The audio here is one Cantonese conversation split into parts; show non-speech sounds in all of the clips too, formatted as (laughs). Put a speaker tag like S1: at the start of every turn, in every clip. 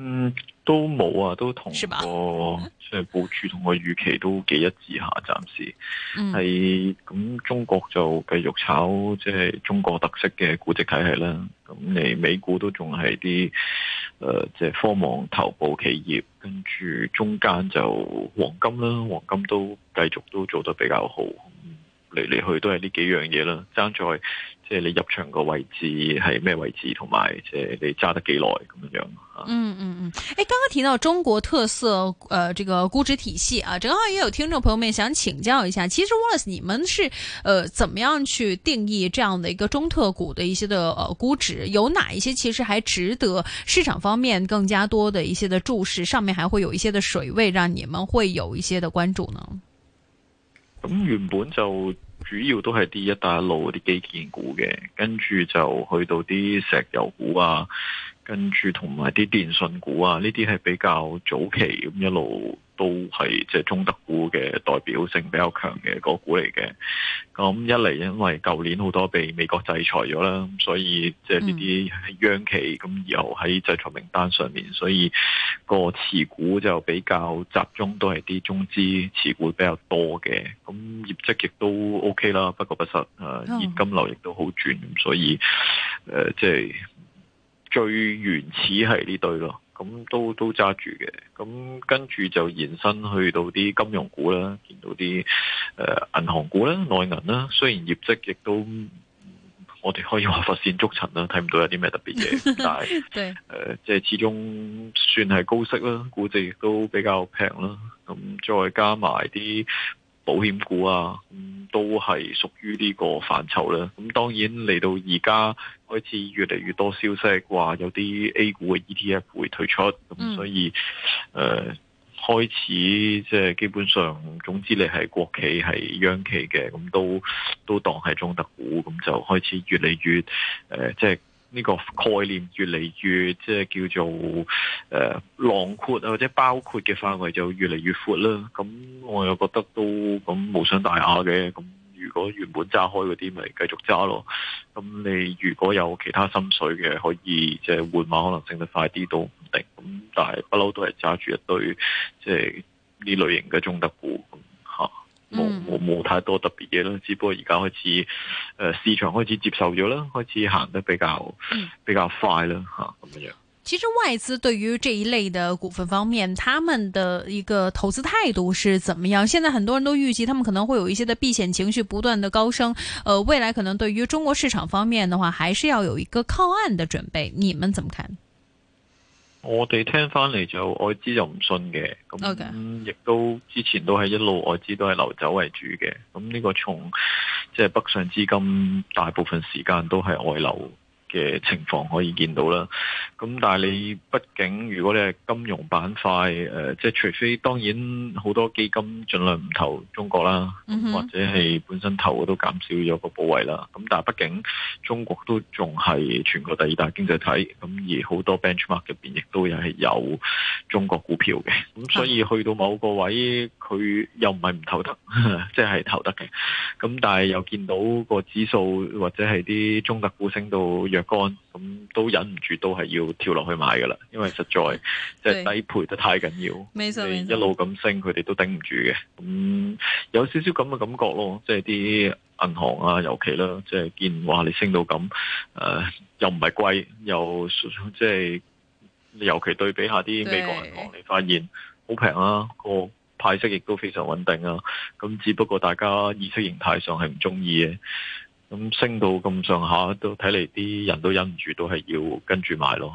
S1: 嗯，都冇啊，都同個即係部署同個預期都幾一致一下，暫時係咁。嗯、中國就繼續炒即係、就是、中國特色嘅估值體系啦。咁嚟美股都仲係啲誒即係科網頭部企業，跟住中間就黃金啦，黃金都繼續都做得比較好。嚟嚟去都係呢幾樣嘢啦，爭在。即係你入場個位置係咩位置，同埋即係你揸得幾耐咁樣啊？嗯嗯
S2: 嗯，誒、欸，剛剛提到中國特色誒、呃，這個估值體係啊，正好也有聽眾朋友們想請教一下，其實 Wallace 你們是誒、呃，怎麼樣去定義這樣的一個中特股的一些的誒估值？有哪一些其實還值得市場方面更加多的一些的注視？上面還會有一些的水位，讓你們會有一些的關注呢？
S1: 咁原本就，主要都係啲一帶一路啲基建股嘅，跟住就去到啲石油股啊，跟住同埋啲電信股啊，呢啲係比較早期咁一路。都係即係中特股嘅代表性比較強嘅個股嚟嘅，咁一嚟因為舊年好多被美國制裁咗啦，所以即係呢啲央企咁又喺制裁名單上面，所以個持股就比較集中，都係啲中資持股比較多嘅，咁業績亦都 OK 啦，不過不失，誒，現金流亦都好轉，所以誒即係最原始係呢對咯。咁都都揸住嘅，咁跟住就延伸去到啲金融股啦，見到啲誒、呃、銀行股啦、內銀啦，雖然業績亦都我哋可以話乏善足陳啦，睇唔到有啲咩特別嘢， (laughs) 但係誒即係始終算係高息啦，估值亦都比較平啦，咁再加埋啲保險股啊，咁都係屬於呢個範疇啦。咁當然嚟到而家開始越嚟越多消息話有啲 A 股嘅 ETF 會退出，咁、嗯、所以誒、呃、開始即係基本上總之你係國企係央企嘅，咁都都當係中特股，咁就開始越嚟越即係。呃、即係呢、這個概念越嚟越即係叫做誒、呃、囊括啊，或者包括嘅範圍就越嚟越闊啦。咁我又覺得都咁無傷大雅嘅。咁如果原本揸開嗰啲，咪繼續揸咯。咁你如果有其他心水嘅，可以即係換馬可能升得快啲都唔定。咁但係不嬲都係揸住一堆即係呢類型嘅中特股。冇冇冇太多特別嘢啦，只不過而家開始、呃，市場開始接受咗啦，開始行得比較、嗯、比較快啦吓咁樣。
S2: 其實外資對於這一類的股份方面，他們的一個投資態度是怎麼樣？現在很多人都預計，他們可能會有一些的避險情緒不斷的高升，誒、呃、未來可能對於中國市場方面的話，還是要有一個靠岸的準備。你們怎麼看？
S1: 我哋聽翻嚟就外資就唔信嘅，咁、okay。亦都之前都係一路外資都係流走為主嘅，咁呢個從即係北上資金大部分時間都係外流。嘅情況可以見到啦，咁但係你畢竟如果你係金融板塊，誒、呃，即係除非當然好多基金盡量唔投中國啦，mm -hmm. 或者係本身投都減少咗個部位啦。咁但係畢竟中國都仲係全球第二大經濟體，咁而好多 benchmark 入邊亦都係有中國股票嘅，咁所以去到某個位，佢又唔係唔投得，即係、係、投得嘅。咁但係又見到個指數或者係啲中特股升到。干，咁都忍唔住，都係要跳落去買㗎喇，因為實在即係低賠得太緊要，你一路咁升，佢哋都頂唔住嘅。咁、嗯、有少少咁嘅感覺咯，即係啲銀行啊，尤其啦，即係見哇你升到咁，誒又唔係貴，又，又即係尤其對比下啲美國銀行，你發現好平啊，個派息亦都非常穩定啊。咁只不過大家意識形態上係唔中意嘅。咁升到咁上下，都睇嚟啲人都忍唔住，都係要跟住買咯。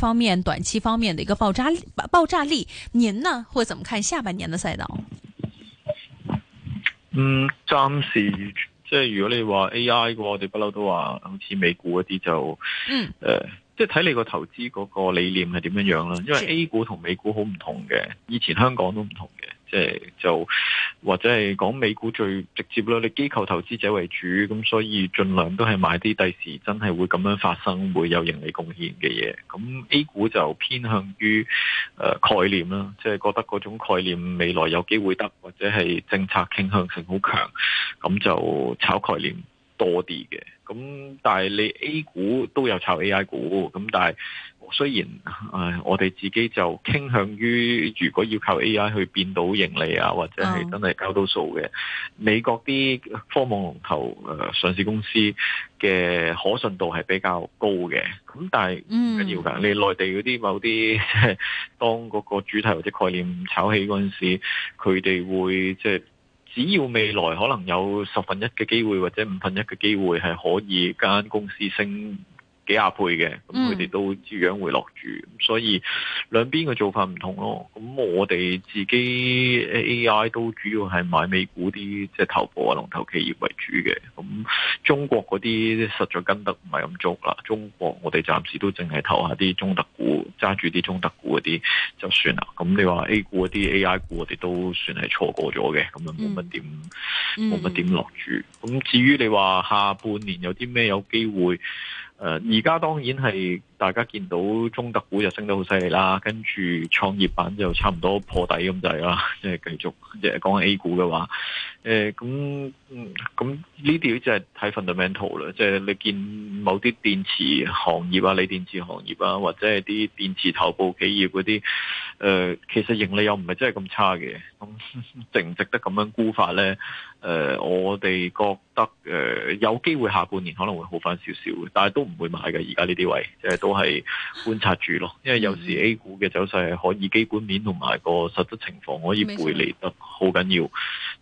S2: 方面短期方面的一個爆炸力爆炸力，您呢會怎麼看下半年的賽道？
S1: 嗯，暫時即係如果你話 AI 嘅話，我哋不嬲都話好似美股嗰啲就嗯誒、呃，即係睇你個投資嗰個理念係點樣樣啦，因為 A 股同美股好唔同嘅，以前香港都唔同嘅。即係就，是、就或者係講美股最直接啦，你機構投資者為主，咁所以盡量都係買啲第時真係會咁樣發生會有盈利貢獻嘅嘢。咁 A 股就偏向於、呃、概念啦，即、就、係、是、覺得嗰種概念未來有機會得，或者係政策傾向性好強，咁就炒概念。多啲嘅，咁但係你 A 股都有炒 AI 股，咁但係雖然誒，我哋自己就傾向於如果要靠 AI 去變到盈利啊，或者係真係交到數嘅，oh. 美國啲科網龍頭誒上市公司嘅可信度係比較高嘅，咁但係唔緊要噶，mm. 你內地嗰啲某啲當嗰個主題或者概念炒起嗰陣時，佢哋會即係。只要未來可能有十分一嘅機會，或者五分一嘅機會係可以間公司升。幾啊倍嘅，咁佢哋都照樣會落注，所以兩邊嘅做法唔同咯。咁我哋自己 AI 都主要係買美股啲，即係頭部啊龍頭企業為主嘅。咁中國嗰啲實在跟得唔係咁足啦。中國我哋暫時都淨係投下啲中特股，揸住啲中特股嗰啲就算啦。咁你話 A 股嗰啲 AI 股，我哋都算係錯過咗嘅，咁啊冇乜點，
S2: 冇乜點
S1: 落注。咁至於你話下半年有啲咩有機會？誒，而家當然係大家見到中特股就升得好犀利啦，跟住創業板就差唔多破底咁滯啦，即係繼續即係講 A 股嘅話，誒咁咁呢啲就係睇 fundamental 啦，即係你見某啲電池行業啊、鋰電池行業啊，或者係啲電池頭部企業嗰啲，誒、呃、其實盈利又唔係真係咁差嘅，咁值唔值得咁樣估法咧？誒、呃，我哋覺得誒、呃、有機會下半年可能會好翻少少，但係都唔會買嘅。而家呢啲位係、就是、都係觀察住咯，因為有時 A 股嘅走勢係可以基本面同埋個實質情況可以背離得好緊要，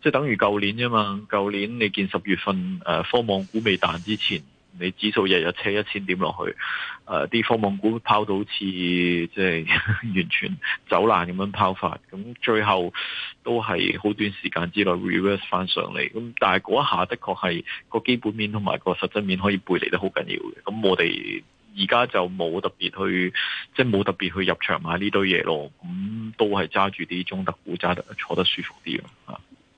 S1: 即係等於舊年啫嘛。舊年你見十月份誒、呃、科網股未彈之前。你指數日日車一千點落去，誒啲科網股拋到好似即係完全走爛咁樣拋法，咁最後都係好短時間之內 reverse 翻上嚟。咁但係嗰一下的確係個基本面同埋個實質面可以背離得好緊要嘅。咁我哋而家就冇特別去，即係冇特別去入場買呢堆嘢咯。咁都係揸住啲中特股揸得坐得舒服啲。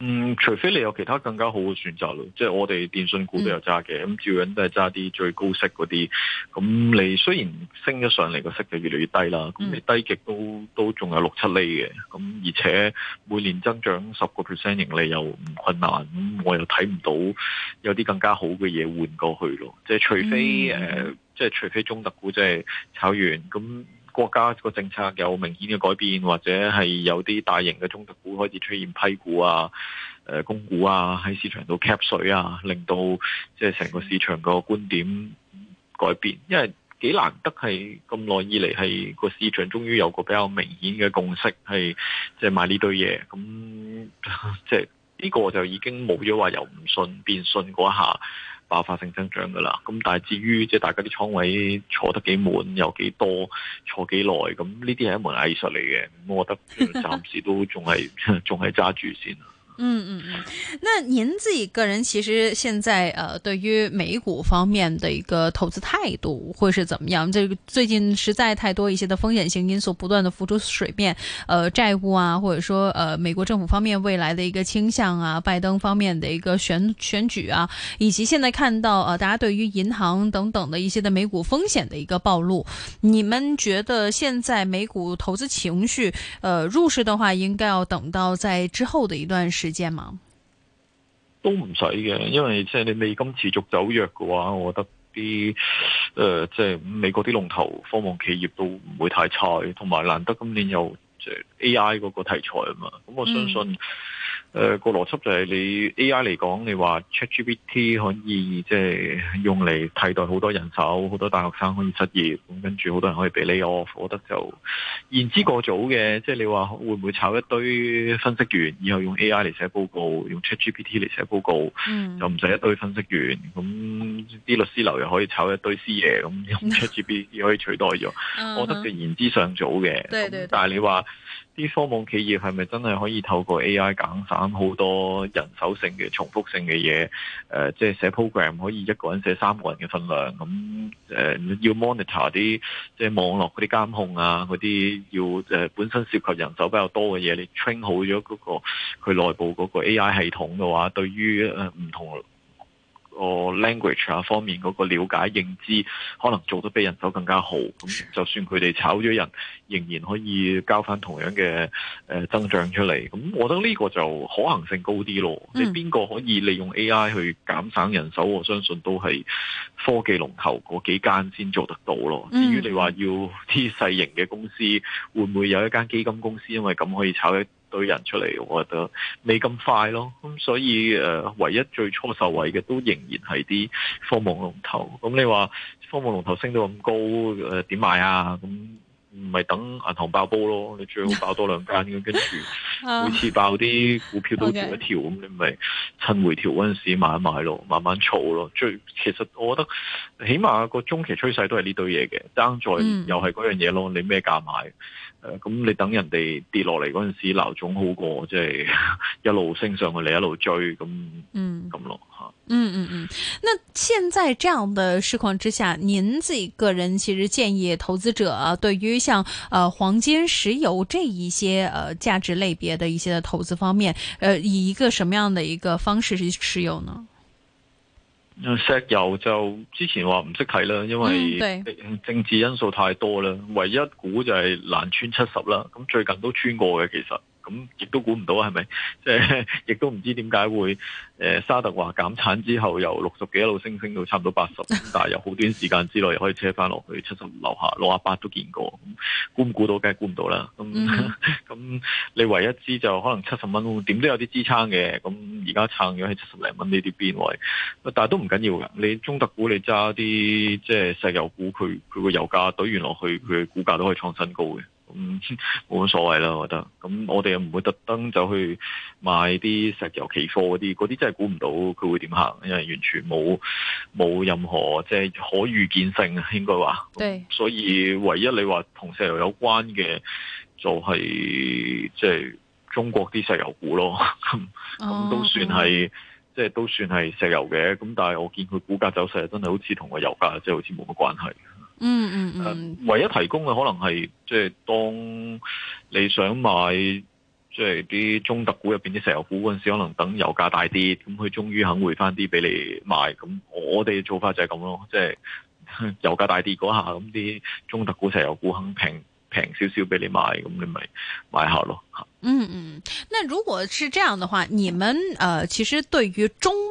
S1: 嗯，除非你有其他更加好嘅選擇咯，即係我哋電信股都有揸嘅，咁照樣都係揸啲最高息嗰啲。咁你雖然升咗上嚟，個息就越嚟越低啦，咁你低極都、嗯、都仲有六七厘嘅，咁而且每年增長十個 percent 盈利又唔困難，咁我又睇唔到有啲更加好嘅嘢換過去咯。即係除非誒、嗯呃，即係除非中特股即係炒完咁。國家個政策有明顯嘅改變，或者係有啲大型嘅中特股開始出現批股啊、誒、呃、供股啊，喺市場度 cap 水啊，令到即係成個市場個觀點改變。因為幾難得係咁耐以嚟係個市場終於有個比較明顯嘅共識，係即係買呢堆嘢。咁即係呢個就已經冇咗話由唔信變信嗰一下。爆發性增長噶啦，咁但係至於即係大家啲倉位坐得幾滿，有幾多，坐幾耐，咁呢啲係一門藝術嚟嘅，咁我覺得暫時都仲係仲係揸住先。
S2: 嗯嗯嗯，那您自己個人其實現在呃，對於美股方面的一個投資態度會是怎麼樣？這個最近實在太多一些的風險性因素不斷的浮出水面，呃，債務啊，或者說呃，美國政府方面未來的一個傾向啊，拜登方面的一個選選舉啊，以及現在看到呃，大家對於銀行等等的一些的美股風險的一個暴露，你們覺得現在美股投資情緒，呃，入市的話，應該要等到在之後的一段時間。時間嘛，都
S1: 唔使嘅，因為即係你美金持續走弱嘅話，我覺得啲誒即係美國啲龍頭科網企業都唔會太差，同埋難得今年有即 AI 嗰個題材啊嘛，咁我相信。嗯誒、呃，那個邏輯就係你 A.I. 嚟講，你話 ChatGPT 可以即係用嚟替代好多人手，好多大學生可以失業，咁跟住好多人可以被 lay off 我。嗯會會嗯、 (laughs) 我覺得就言之過早嘅，即係你話會唔會炒一堆分析員，以後用 A.I. 嚟寫報告，用 ChatGPT 嚟寫報告，就唔使一堆分析員，咁啲律師樓又可以炒一堆師爺，咁用 ChatGPT 可以取代咗。我覺得就言之尚早嘅，咁但係你話。啲科網企業係咪真係可以透過 AI 減省好多人手性嘅重複性嘅嘢？誒，即係寫 program 可以一個人寫三個人嘅份量咁？誒，要 monitor 啲即係網絡嗰啲監控啊，嗰啲要誒本身涉及人手比較多嘅嘢，你 train 好咗嗰個佢內部嗰個 AI 系統嘅話，對於唔同個 language 啊，方面嗰個了解認知，可能做得比人手更加好。咁就算佢哋炒咗人，仍然可以交翻同樣嘅誒增長出嚟。咁我覺得呢個就可行性高啲咯。即係邊個可以利用 AI 去減省人手，我相信都係科技龍頭嗰幾間先做得到咯。至於你話要啲細型嘅公司，會唔會有一間基金公司因為咁可以炒一？對人出嚟，我覺得未咁快咯。咁、嗯、所以，誒、呃，唯一最初受惠嘅都仍然係啲科網龍頭。咁、嗯、你話科網龍頭升到咁高，誒、呃，點買啊？咁、嗯。唔係等銀行爆煲咯，你最好爆多兩間咁， (laughs) 跟住每次爆啲股票都調一調咁， (laughs) okay. 你咪趁回調嗰陣時買一買咯，慢慢儲咯。最其實我覺得起碼個中期趨勢都係呢堆嘢嘅，爭在又係嗰樣嘢咯。你咩價買？誒、嗯、咁、呃、你等人哋跌落嚟嗰陣時撈仲好過，即係一路升上去你一路追咁，嗯咁咯嚇。嗯嗯嗯，
S2: 那現在這樣的市況之下，您自己個人其實建議投資者對於像，呃，黃金、石油這一些，呃，價值類別的一些的投資方面，呃，以一個什麼樣的一個方式去持有呢？
S1: 呃，石油就之前話唔識睇啦，因為政治因素太多啦，嗯，唯一股就係難穿七十啦，咁最近都穿過嘅其實。咁亦都估唔到係咪？即係亦都唔知點解會誒、呃、沙特話減產之後由六十幾一路升升到差唔多八十，但係又好短時間之內又可以車翻落去七十樓下，六八都見過。估唔估到梗係估唔到啦。咁 (laughs) 咁那 (laughs) (laughs) 你唯一支就可能七十蚊點都有啲支撐嘅。咁而家撐咗喺七十零蚊呢啲邊位，但係都唔緊要嘅。你中特股你揸啲即係石油股，佢佢個油價對完落去，佢股價都可以創新高嘅。嗯，冇乜所謂啦，我覺得。咁我哋又唔會特登走去買啲石油期貨嗰啲，嗰啲真係估唔到佢會點行，因為完全冇冇任何即係、就是、可預見性，應該話。對。所以唯一你話同石油有關嘅，就是，就係即係中國啲石油股咯。咁、 (laughs) 啊、都算係、嗯，即係都算係石油嘅。咁但係我見佢股價走勢，真、就、係、是、好似同個油價即係好似冇乜關係。
S2: 嗯嗯嗯，唯一
S1: 提供嘅可能係即係當你想買即係啲中特股入邊啲石油股嗰陣時，可能等油價大跌，咁佢終於肯回翻啲俾你買，咁我哋做法就係咁咯，即係油價大跌嗰下，咁啲中特股石油股肯平平少少俾你買，咁你咪買下咯。嗯嗯，
S2: 那如果是這樣的話，你們誒、呃，其實對於中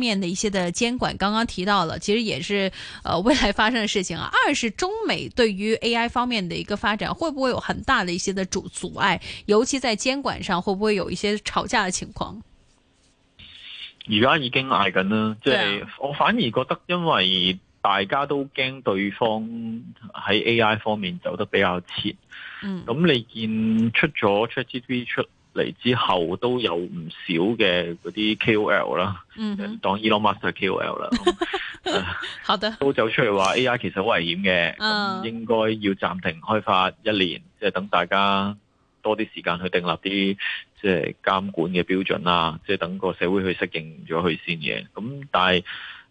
S2: 面的一些的監管，剛剛提到了，其實也是，呃，未來發生的事情啊。二是中美對於 AI 方面的一個發展，會不會有很大的一些的阻阻礙，尤其在監管上，會不會有一些吵架的情況？
S1: 而家已經嗌緊啦，即係我反而覺得，因為大家都驚對方喺 AI 方面走得比較前，嗯，咁你見出咗出 ChatGPT 出。嚟之後都有唔少嘅嗰啲 KOL 啦，mm -hmm. 當 Elon Musk 係 KOL 啦、 (laughs) 啊，好都走出嚟話 AI 其實好危險嘅，uh. 應該要暫停開發一年，即係等大家多啲時間去訂立啲即係監管嘅標準啦，即係等個社會去適應咗佢先嘅。咁但係、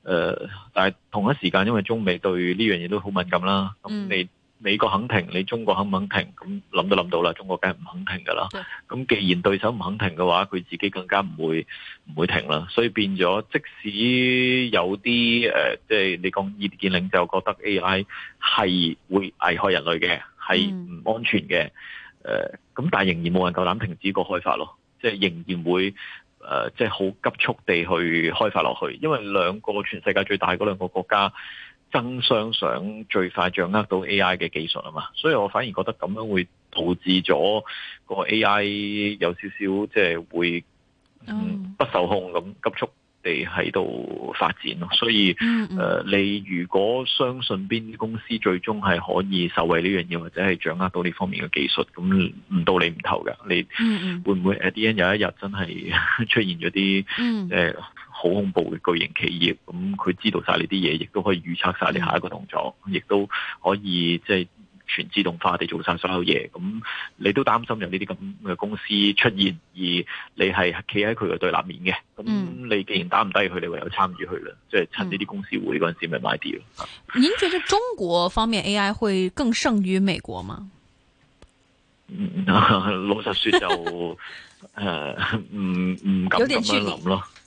S1: 呃、但係同一時間因為中美對呢樣嘢都好敏感啦，咁你。Mm. 美國肯停，你中國肯唔肯停？咁諗都諗到啦，中國梗係唔肯停噶啦。咁既然對手唔肯停嘅話，佢自己更加唔會唔會停啦。所以變咗，即使有啲誒，即係你講意見領袖就覺得 AI 係會危害人類嘅，係唔安全嘅。誒，咁但係仍然冇人夠膽停止個開發咯，即係仍然會誒，即係好急速地去開發落去，因為兩個全世界最大嗰兩個國家。爭相想最快掌握到 AI 嘅技術啊嘛，所以我反而覺得咁樣會導致咗個 AI 有少少即係會不受控咁急速地喺度發展咯。所以，誒、呃，你如果相信邊啲公司最終係可以受惠呢樣嘢，或者係掌握到呢方面嘅技術，咁唔到你唔投噶，你會唔會？ADN 有一日真係出現咗啲，即、嗯、係。呃好恐怖嘅巨型企業，咁佢知道晒你啲嘢，亦都可以預測晒你下一個動作，亦都可以即係全自動化地做晒所有嘢。咁你都擔心有呢啲咁嘅公司出現，而你係企喺佢嘅對立面嘅。咁、嗯、你既然打唔低佢，你唯有參與佢啦，即係趁呢啲公司會嗰陣時咪買啲咯。您
S2: 覺得中國方面 AI 會更勝於美國嗎、
S1: 嗯？老實說就唔唔、 (laughs) 呃、敢咁樣諗咯。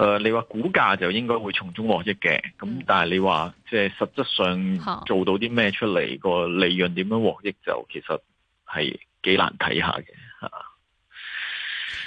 S1: 誒、呃，你話股價就應該會從中獲益嘅，咁、嗯、但係你話即係實質上做到啲咩出嚟，個、嗯、利潤點樣獲益就其實係幾難睇下嘅嚇。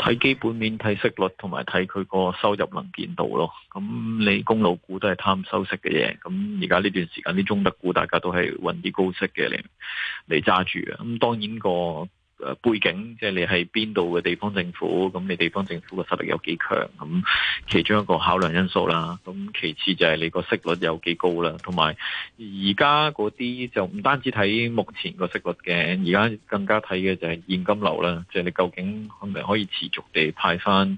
S1: 睇基本面、睇息率同埋睇佢個收入能見度咯。咁你公路股都係貪收息嘅嘢。咁而家呢段時間啲中特股大家都係揾啲高息嘅嚟嚟揸住。咁當然個背景即係、就是、你喺邊度嘅地方政府，咁你地方政府嘅實力有幾強，咁其中一個考量因素啦。咁其次就係你個息率有幾高啦，同埋而家嗰啲就唔單止睇目前個息率嘅，而家更加睇嘅就係現金流啦，即、就、係、是、你究竟係咪可以持續地派翻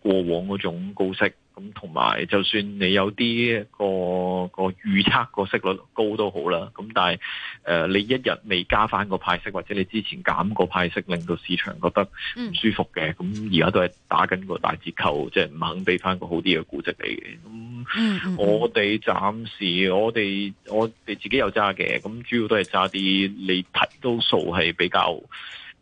S1: 過往嗰種高息？咁同埋，就算你有啲個個預測個息率高都好啦，咁但係、呃、你一日未加翻個派息，或者你之前減個派息，令到市場覺得唔舒服嘅，咁而家都係打緊個大折扣，即係唔肯俾翻個好啲嘅估值嚟嘅。咁、嗯嗯嗯嗯、我哋暫時，我哋我哋自己有揸嘅，咁主要都係揸啲你睇到數係比較。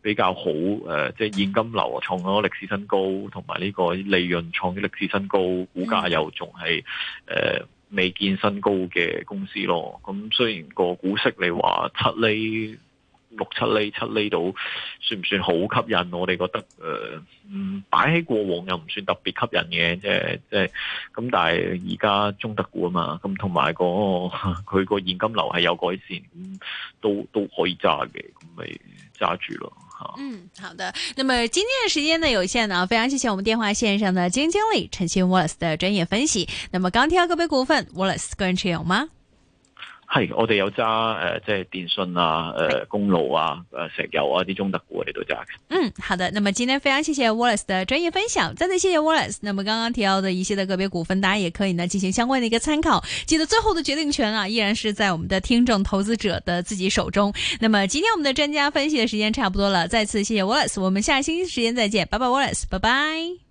S1: 比較好誒、呃，即係現金流創咗歷史新高，同埋呢個利潤創咗歷史新高，股價又仲係誒未見新高嘅公司咯。咁、嗯、雖然個股息你話七厘六七厘七厘度，算唔算好吸引？我哋覺得誒、呃，嗯，擺喺過往又唔算特別吸引嘅，即係即係咁。但係而家中特估啊嘛，咁同埋個佢個現金流係有改善，咁、嗯、都都可以揸嘅，咁咪揸住咯。
S2: 嗯，好的。那麼今天的時間呢有限呢，非常謝謝我們電話線上的基金經理陳昕 Wallace 的專業分析。那麼，剛提到個別股份，Wallace 個人持有嗎？
S1: 係，我哋有揸誒，即係電信啊，誒、呃，公路啊，誒，石油啊啲中特股我哋都揸嘅。
S2: 嗯，好的，那麼今天非常謝謝 Wallace 的專業分享，再次謝謝 Wallace。那麼剛剛提到的一些的個別股份，大家也可以呢進行相關的一個參考。記得最後的決定權啊，依然是在我們的聽眾投資者的自己手中。那麼今天我們的專家分析的時間差不多了，再次謝謝 Wallace。我們下星期時間再見，拜拜，Wallace，拜拜。